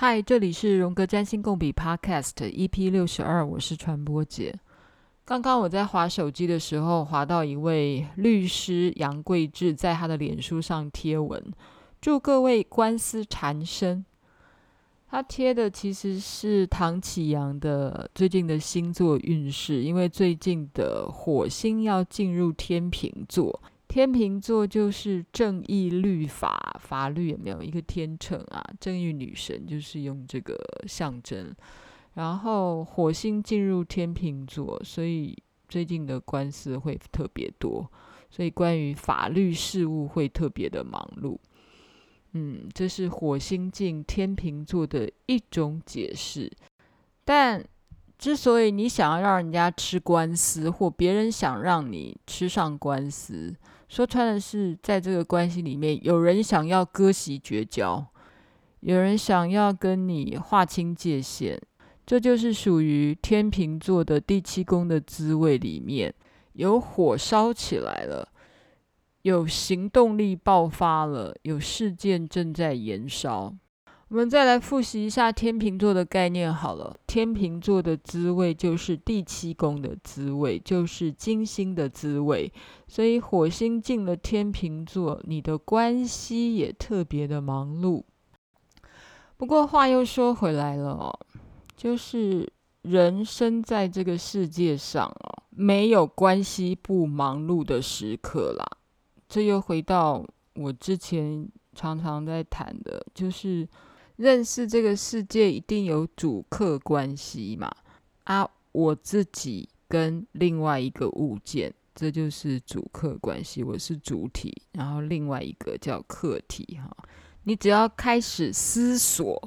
嗨，Hi, 這裡是榮格占星共筆 Podcast EP 六十二，我是傳播姐。剛剛我在滑手機的時候，滑到一位律師楊貴智在他的臉書上貼文，祝各位官司纏身。他貼的其實是唐綺陽的最近的星座運勢，因為最近的火星要進入天秤座。天秤座就是正義、律法、法律，有沒有一個天秤啊？正義女神就是用這個象徵。然後火星進入天秤座，所以最近的官司會特別多，所以關於法律事務會特別的忙碌。嗯，這是火星進天秤座的一種解釋。但之所以你想要讓人家吃官司，或別人想讓你吃上官司，說穿了是，在這個關係裡面，有人想要割席絕交，有人想要跟你劃清界限，這就是屬於天秤座的第七宮的滋味，裡面有火燒起來了，有行動力爆發了，有事件正在延燒。我們再來復習一下天秤座的概念。好了，天秤座的滋味就是第七宮的滋味，就是金星的滋味。所以火星進了天秤座，你的關係也特別的忙碌。不過話又說回來了哦，就是人生在這個世界上哦，沒有關係不忙碌的時刻啦。這又回到我之前常常在談的，就是。認識這個世界一定有主客關係嘛？啊，我自己跟另外一個物件，這就是主客關係。我是主體，然後另外一個叫客體。哈，你只要開始思索，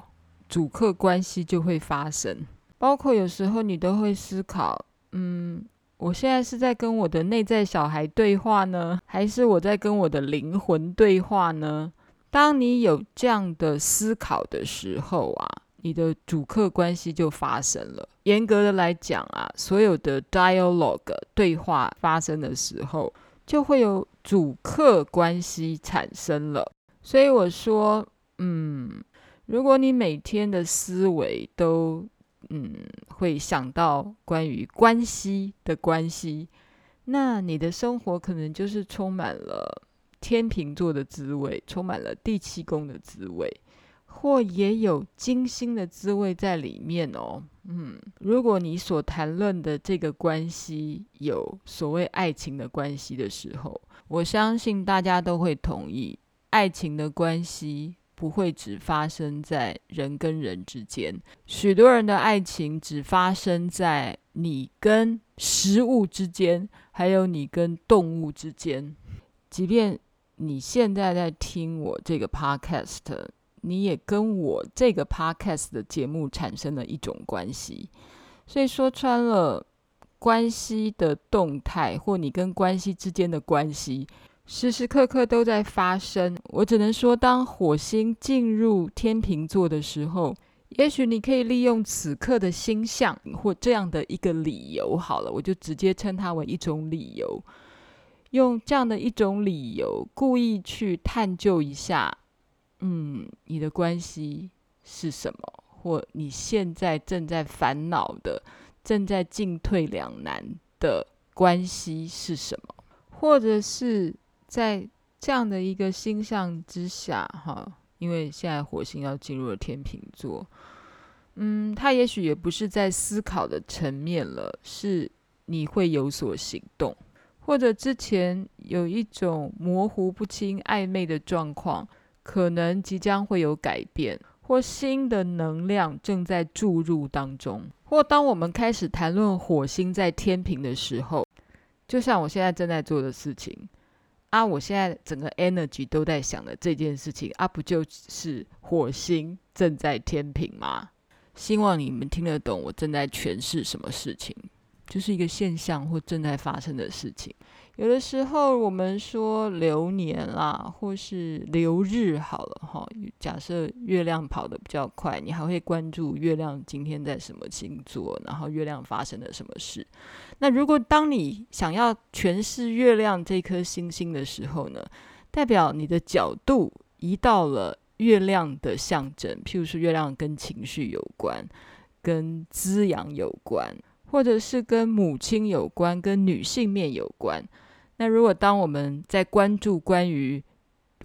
主客關係就會發生。包括有時候你都會思考，嗯，我現在是在跟我的內在小孩對話呢，還是我在跟我的靈魂對話呢？當你有這樣的思考的時候啊，你的主客關係就發生了。嚴格的來講啊，所有的 dialogue 對話發生的時候，就會有主客關係產生了。所以我說，嗯，如果你每天的思維都，嗯，會想到關於關係的關係，那你的生活可能就是充滿了。天秤座的滋味，充滿了第七宮的滋味，或也有金星的滋味在裡面哦。嗯，如果你所談論的這個關係有所謂愛情的關係的時候，我相信大家都會同意，愛情的關係不會只發生在人跟人之間。許多人的愛情只發生在你跟食物之間，還有你跟動物之間，即便。你現在在聽我這個 podcast，你也跟我這個 podcast 的節目產生了一種關係，所以說穿了關係的動態，或你跟關係之間的關係，時時刻刻都在發生。我只能說，當火星進入天秤座的時候，也許你可以利用此刻的星象，或這樣的一個理由。好了，我就直接稱它為一種理由。用這樣的一種理由，故意去探究一下，嗯，你的關係是什麼，或你現在正在煩惱的、正在進退兩難的關係是什麼，或者是在這樣的一個星象之下，哈，因為現在火星要進入了天秤座，嗯，它也許也不是在思考的層面了，是你會有所行動。或者之前有一種模糊不清、曖昧的狀況，可能即將會有改變，或新的能量正在注入當中。或當我們開始談論火星在天秤的時候，就像我現在正在做的事情啊，我現在整個 energy 都在想的這件事情啊，不就是火星正在天秤嗎？希望你們聽得懂我正在詮釋什麼事情。就是一個現象或正在發生的事情。有的時候我們說流年啦，或是流日好了哈、哦。假設月亮跑得比較快，你還會關注月亮今天在什麼星座，然後月亮發生了什麼事。那如果當你想要詮釋月亮這顆星星的時候呢，代表你的角度移到了月亮的象徵，譬如說月亮跟情緒有關，跟滋養有關。或者是跟母親有關，跟女性面有關。那如果當我們在關注關於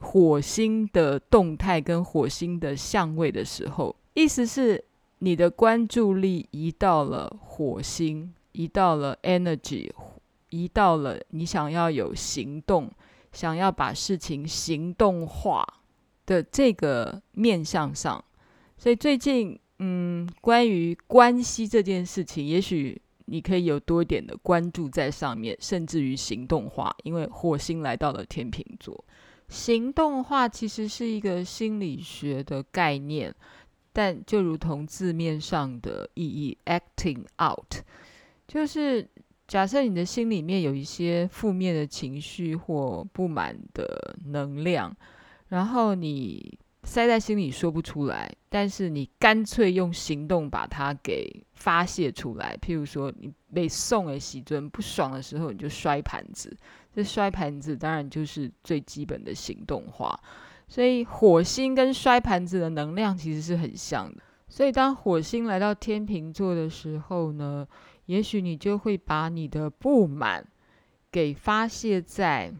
火星的動態跟火星的相位的時候，意思是你的關注力移到了火星，移到了 energy，移到了你想要有行動，想要把事情行動化的這個面向上。所以最近。嗯，關於關係這件事情，也許你可以有多一點的關注在上面，甚至於行動化。因為火星來到了天秤座，行動化其實是一個心理學的概念，但就如同字面上的意義 ，acting out，就是假設你的心裡面有一些負面的情緒或不滿的能量，然後你。塞在心裡說不出來，但是你乾脆用行動把它給發洩出來。譬如說，你被送哎喜尊不爽的時候，你就摔盤子。這摔盤子當然就是最基本的行動化，所以火星跟摔盤子的能量其實是很像的。所以當火星來到天秤座的時候呢，也許你就會把你的不滿給發洩在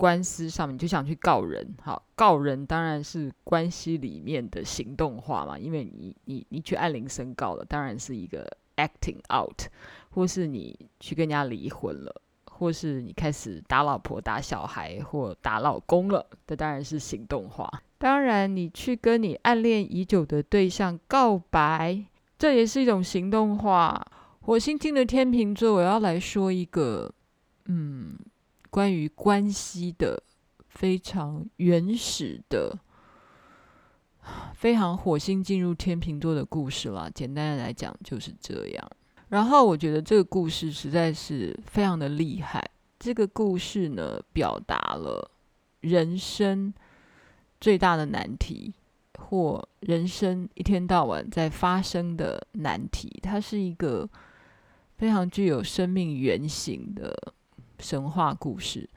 官司上面，你就想去告人，好，告人當然是關係裡面的行動化嘛，因為你你你去按鈴申告了，當然是一個 acting out，或是你去跟人家離婚了，或是你開始打老婆、打小孩或打老公了，這當然是行動化。當然你去跟你暗戀已久的對象告白，這也是一種行動化。火星進了天秤座，我要來說一個，嗯。關於關係的非常原始的、非常火星進入天秤座的故事啦。簡單的來講就是這樣。然後我覺得這個故事實在是非常的厲害。這個故事呢，表達了人生最大的難題，或人生一天到晚在發生的難題。它是一個非常具有生命原型的。神話故事，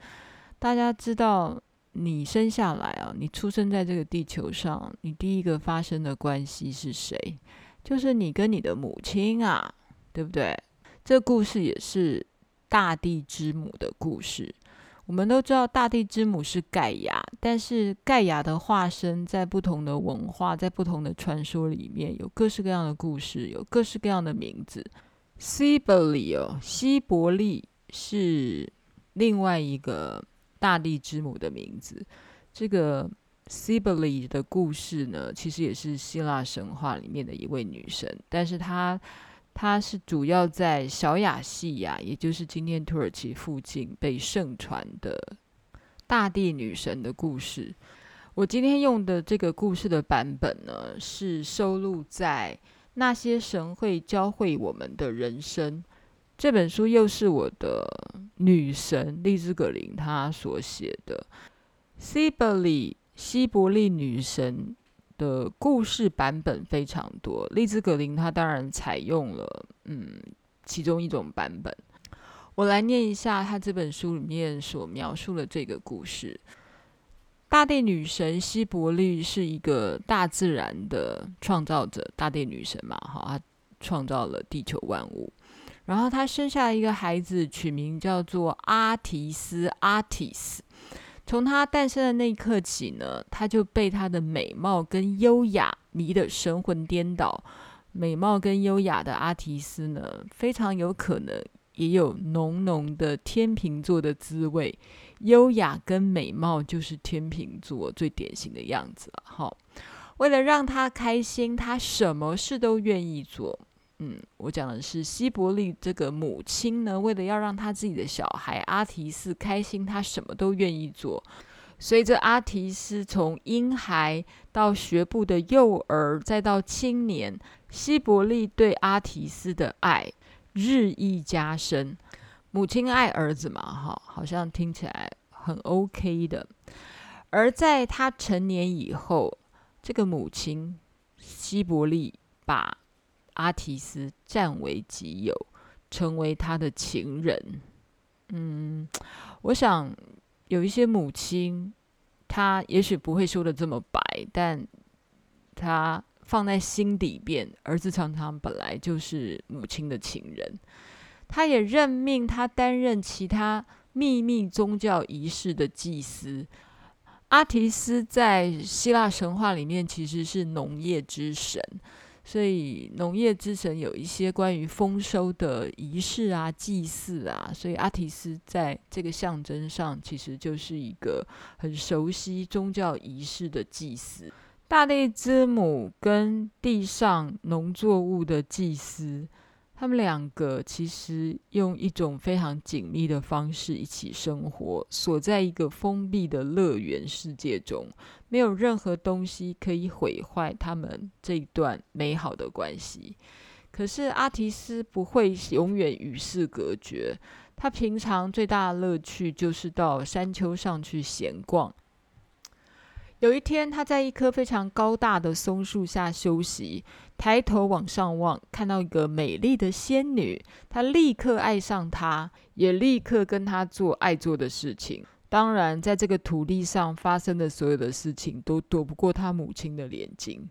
大家知道，你生下來啊，你出生在這個地球上，你第一個發生的關係是誰？就是你跟你的母親啊，對不對？這故事也是大地之母的故事。我們都知道大地之母是蓋亞，但是蓋亞的化身在不同的文化、在不同的傳說裡面有各式各樣的故事，有各式各樣的名字。希栢利哦，希栢利是。另外一個大地之母的名字，這個 Cybele 的故事呢，其實也是希臘神話裡面的一位女神，但是她她是主要在小亞細亞，也就是今天土耳其附近被盛傳的大地女神的故事。我今天用的這個故事的版本呢，是收錄在《那些神會教會我們的人生》。這本書又是我的女神麗茲·格林她所寫的《希栢利，希栢利女神》的故事版本非常多。麗茲·格林她當然採用了嗯其中一種版本。我來念一下她這本書裡面所描述的這個故事：大地女神希栢利是一個大自然的創造者，大地女神嘛，哈，她創造了地球萬物。然後他生下了一個孩子，取名叫做阿提斯，阿提斯。從他誕生的那一刻起呢，他就被他的美貌跟優雅迷得神魂顛倒。美貌跟優雅的阿提斯呢，非常有可能也有濃濃的天秤座的滋味。優雅跟美貌就是天秤座最典型的樣子了。哈，為了讓他開心，他什麼事都願意做。嗯，我講的是希栢利這個母親呢，為了要讓他自己的小孩阿提斯開心，他什麼都願意做。隨着阿提斯從嬰孩到學步的幼兒，再到青年，希栢利對阿提斯的愛日益加深。母親愛兒子嘛，哈，好像聽起來很 OK 的。而在他成年以後，這個母親希栢利把。阿提斯占為己有，成為他的情人。嗯，我想有一些母親，她也許不會說得這麼白，但她放在心底邊。兒子常常本來就是母親的情人。她也任命他擔任其他秘密宗教儀式的祭司。阿提斯在希臘神話裡面其實是農業之神。所以農業之神有一些關於豐收的儀式啊、祭祀啊，所以阿提斯在這個象徵上，其實就是一個很熟悉宗教儀式的祭司，大地之母跟地上農作物的祭司。他們兩個其實用一種非常緊密的方式一起生活，鎖在一個封閉的樂園世界中，沒有任何東西可以毀壞他們這一段美好的關係。可是阿提斯不會永遠與世隔絕，他平常最大的樂趣就是到山丘上去閒逛。有一天，他在一棵非常高大的松樹下休息，抬頭往上望，看到一個美麗的仙女，他立刻愛上她，也立刻跟她做愛做的事情。當然，在這個土地上發生的所有的事情，都躲不過他母親的眼睛，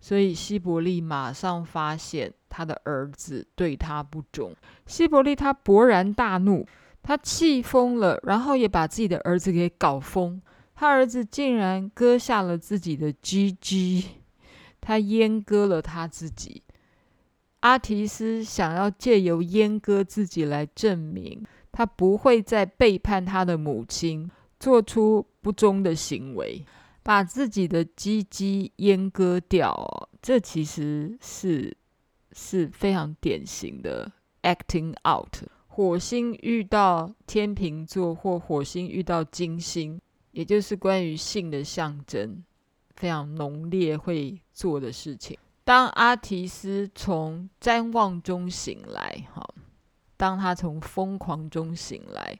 所以希栢利馬上發現他的兒子對他不忠。希栢利他勃然大怒，他氣瘋了，然後也把自己的兒子給搞瘋。他兒子竟然割下了自己的雞雞，他閹割了他自己。阿提斯想要借由閹割自己來證明，他不會再背叛他的母親，做出不忠的行為，把自己的雞雞閹割掉。這其實是是非常典型的 acting out。火星遇到天秤座，或火星遇到金星。也就是關於性的象徵，非常濃烈，會做的事情。當阿提斯從譫妄中醒來，哈，當他從瘋狂中醒來，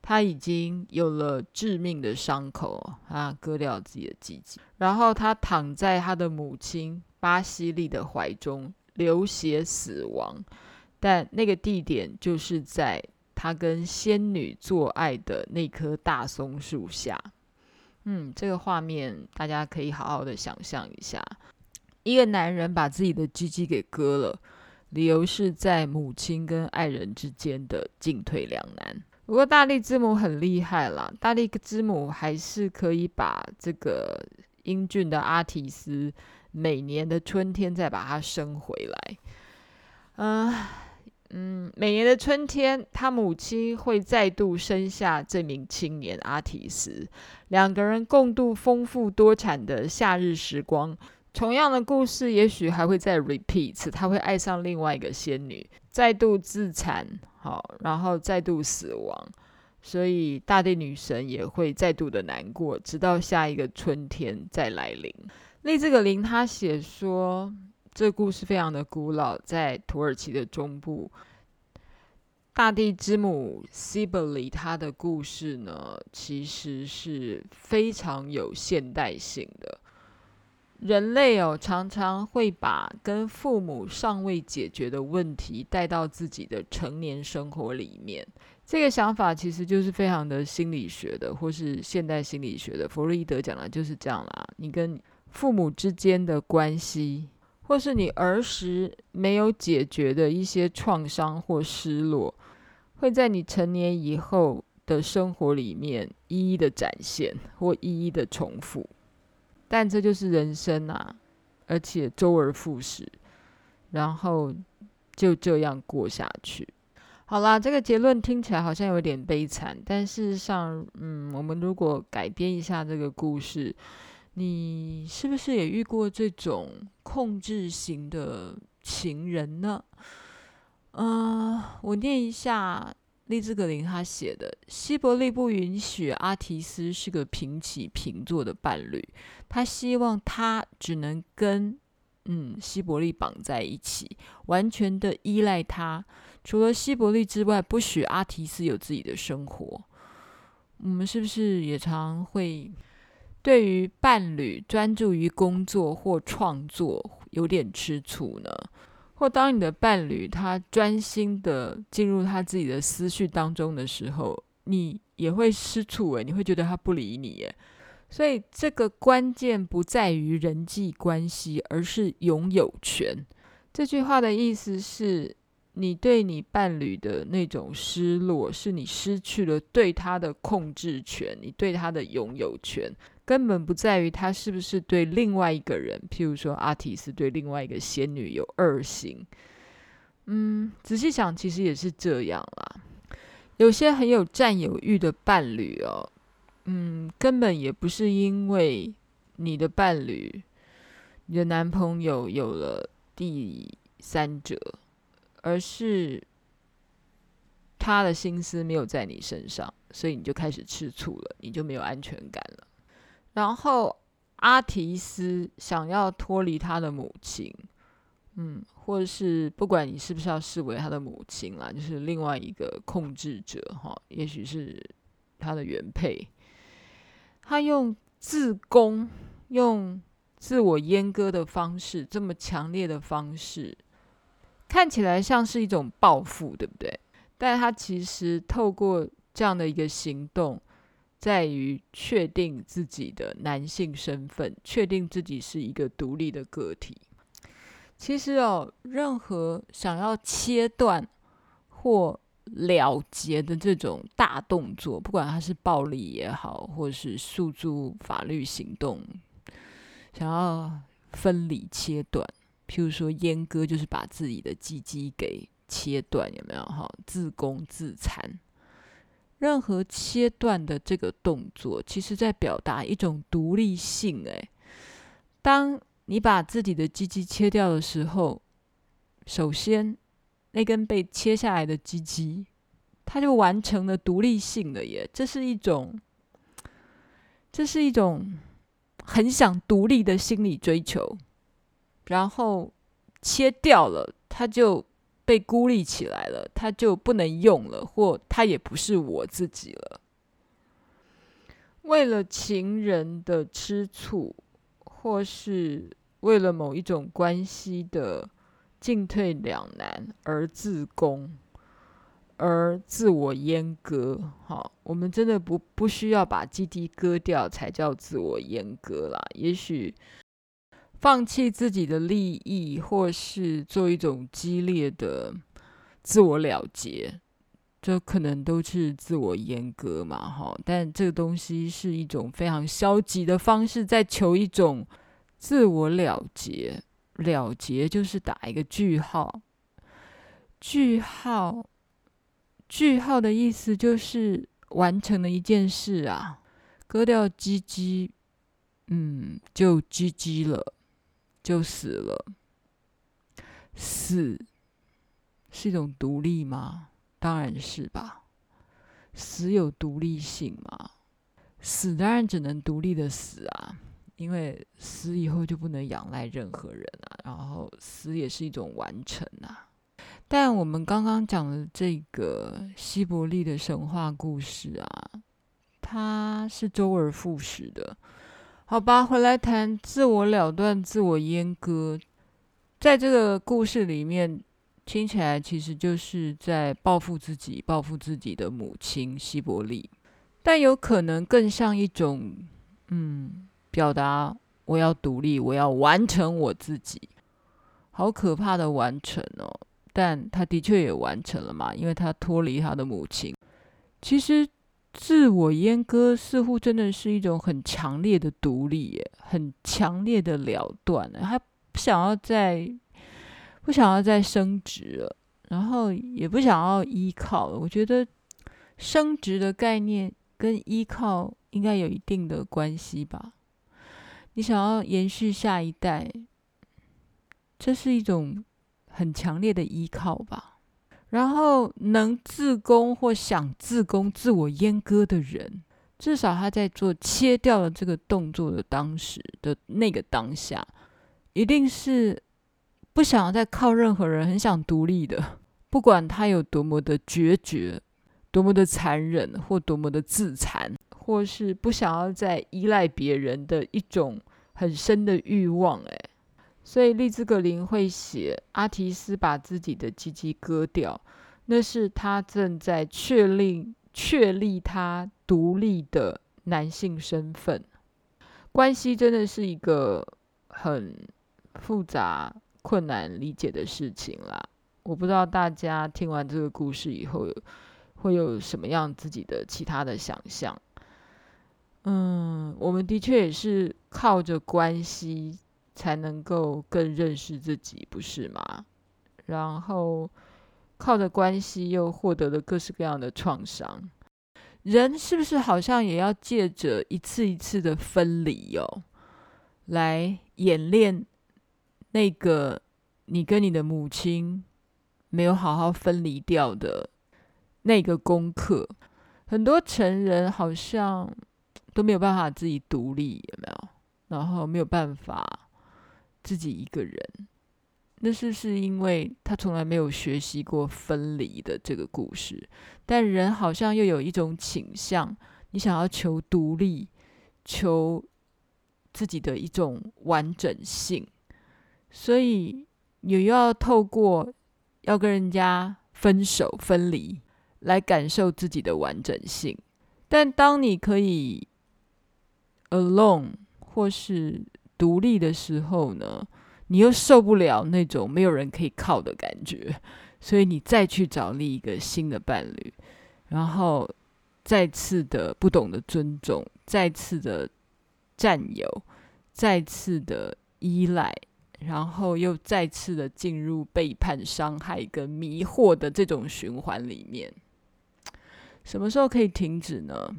他已經有了致命的傷口，他割掉自己的雞雞，然後他躺在他的母親巴西利的懷中流血死亡，但那個地點就是在。他跟仙女做愛的那棵大松樹下，嗯，這個畫面大家可以好好的想象一下。一個男人把自己的雞雞給割了，理由是在母親跟愛人之間的進退兩難。不過大地之母很厲害啦，大地之母還是可以把這個英俊的阿提斯每年的春天再把它生回來。嗯。嗯，每年的春天，他母親會再度生下這名青年阿提斯，兩個人共度豐富多產的夏日時光。同樣的故事，也許還會再 repeat 一次。他會愛上另外一個仙女，再度自殘，好，然後再度死亡。所以大地女神也會再度的難過，直到下一個春天再來臨。利茲葛林他寫說。這個故事非常的古老，在土耳其的中部，大地之母希栢利。他它的故事呢，其實是非常有現代性的。人類哦，常常會把跟父母尚未解決的問題帶到自己的成年生活裡面。這個想法其實就是非常的心理學的，或是現代心理學的。弗洛伊德講的就是這樣啦，你跟父母之間的關係。或是你兒時沒有解決的一些創傷或失落，會在你成年以後的生活裡面一一的展現或一一的重複，但這就是人生啊，而且周而復始，然後就這樣過下去。好啦，這個結論聽起來好像有點悲慘，但事實上，嗯，我們如果改編一下這個故事。你是不是也遇過這種控制型的情人呢？嗯、呃，我念一下麗茲·格林他寫的：西伯利不允許阿提斯是個平起平坐的伴侶，他希望他只能跟嗯西伯利綁在一起，完全的依賴他。除了西伯利之外，不許阿提斯有自己的生活。我們是不是也常常會？對於伴侶專注於工作或創作有點吃醋呢，或當你的伴侶他專心的進入他自己的思緒當中的時候，你也會吃醋誒。你會覺得他不理你誒。所以這個關鍵不在於人際關係，而是擁有權。這句話的意思是，你對你伴侶的那種失落，是你失去了對他的控制權，你對他的擁有權。根本不在於他是不是對另外一個人，譬如說阿提斯對另外一個仙女有二心。嗯，仔細想，其實也是這樣啦。有些很有佔有欲的伴侶哦，嗯，根本也不是因為你的伴侶、你的男朋友有了第三者，而是他的心思沒有在你身上，所以你就開始吃醋了，你就沒有安全感了。然後阿提斯想要脫離他的母親，嗯，或是不管你是不是要視為他的母親啦、啊，就是另外一個控制者哈，也許是他的原配，他用自宮、用自我閹割的方式，這麼強烈的方式，看起來像是一種報復，對不對？但他其實透過這樣的一個行動。在於確定自己的男性身份，確定自己是一個獨立的個體。其實哦，任何想要切斷或了結的這種大動作，不管他是暴力也好，或是訴諸法律行動，想要分離切斷，譬如說閹割，就是把自己的雞雞給切斷，有沒有？哈，自宮自殘。任何切斷的這個動作，其實在表達一種獨立性。誒，當你把自己的雞雞切掉的時候，首先那根被切下來的雞雞，它就完成了獨立性了。耶，這是一種，這是一種很想獨立的心理追求。然後切掉了，它就被孤立起來了，他就不能用了，或他也不是我自己了。為了情人的吃醋，或是為了某一種關係的進退兩難，而自宮，而自我閹割。哈，我們真的不不需要把 GG 割掉才叫自我閹割啦。也許放棄自己的利益，或是做一種激烈的自我了結，這可能都是自我閹割嘛？哈，但這個東西是一種非常消極的方式，在求一種自我了結。了結就是打一個句號，句號，句號的意思就是完成了一件事啊，割掉雞雞，嗯，就雞雞了。就死了。死是一種獨立嗎？當然是吧。死有獨立性嗎？死當然只能獨立的死啊，因為死以後就不能仰賴任何人啊。然後死也是一種完成啊。但我們剛剛講的這個希栢利的神話故事啊，它是周而復始的。好吧，回來談自我了斷、自我閹割，在這個故事裡面，聽起來其實就是在報復自己、報復自己的母親希栢利，但有可能更像一種，嗯，表達我要獨立，我要完成我自己，好可怕的完成哦！但他的確也完成了嘛，因為他脫離他的母親，其實。自我閹割似乎真的是一種很強烈的獨立，很強烈的了斷。他不想要再不想要再生殖了，然後也不想要依靠了。我覺得生殖的概念跟依靠應該有一定的關係吧。你想要延續下一代，這是一種很強烈的依靠吧。然後能自宮或想自宮、自我閹割的人，至少他在做切掉了這個動作的當時的那個當下，一定是不想要再靠任何人，很想獨立的。不管他有多麼的決絕、多麼的殘忍，或多麼的自殘，或是不想要再依賴別人的一種很深的慾望、欸，所以，麗茲格林會寫阿提斯把自己的雞雞割掉，那是他正在確立、確立他獨立的男性身份。關係真的是一個很複雜、困難理解的事情啦。我不知道大家聽完這個故事以後，會有什麼樣自己的其他的想象。嗯，我們的確也是靠着關係。才能夠更認識自己，不是嗎？然後靠着關係又獲得了各式各樣的創傷。人是不是好像也要借着一次一次的分離哦，來演練那個你跟你的母親沒有好好分離掉的那個功課？很多成人好像都沒有辦法自己獨立，有沒有？然後沒有辦法自己一個人，那是是因為他從來沒有學習過分離的這個故事。但人好像又有一種傾向，你想要求獨立，求自己的一種完整性，所以你又要透過要跟人家分手、分離，來感受自己的完整性。但當你可以 alone 或是獨立的時候呢，你又受不了那種沒有人可以靠的感覺，所以你再去找另一個新的伴侶，然後再次的不懂得尊重，再次的佔有，再次的依賴，然後又再次的進入背叛、傷害、跟迷惑的這種循環裡面。什麼時候可以停止呢？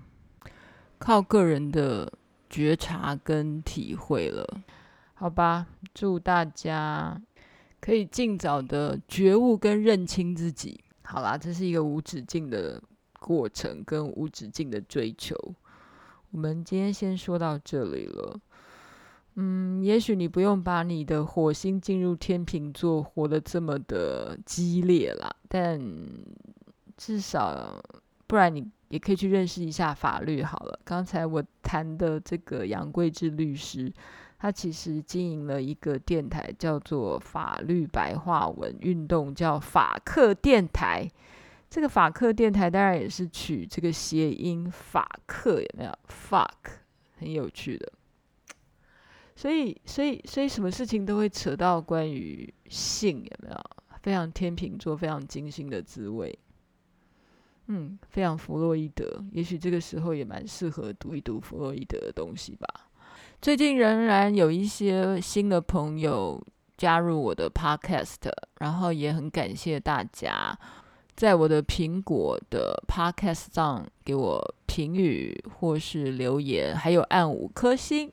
靠個人的。覺察跟體會了，好吧，祝大家可以盡早的覺悟跟認清自己。好啦，這是一個無止境的過程跟無止境的追求。我們今天先說到這裡了。嗯，也許你不用把你的火星進入天秤座活得這麼的激烈啦，但至少不然你，也可以去認識一下法律好了。剛才我談的這個楊貴智律師，他其實經營了一個電台，叫做“法律白話文運動”，叫“法客電台”。這個“法客電台”當然也是取這個諧音“法客”有沒有？fuck，很有趣的。所以，所以，所以，什麼事情都會扯到關於性有沒有？非常天秤座，非常精心的滋味。嗯，非常弗洛伊德，也許這個時候也蠻適合讀一讀弗洛伊德的東西吧。最近仍然有一些新的朋友加入我的 Podcast，然後也很感謝大家在我的蘋果的 Podcast 上給我評語或是留言，還有按五顆星。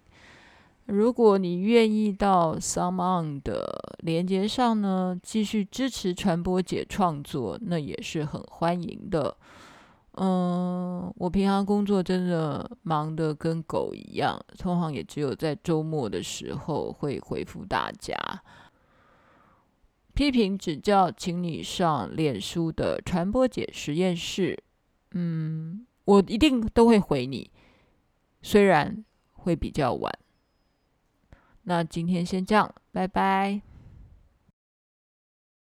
如果你願意到 SoundOn 的連接上呢，繼續支持傳播姐創作，那也是很歡迎的。嗯，我平常工作真的忙得跟狗一樣，通常也只有在周末的時候會回復大家批評指教，請你上臉書的傳播姐實驗室。嗯，我一定都會回你，雖然會比較晚。那今天先這樣，拜拜。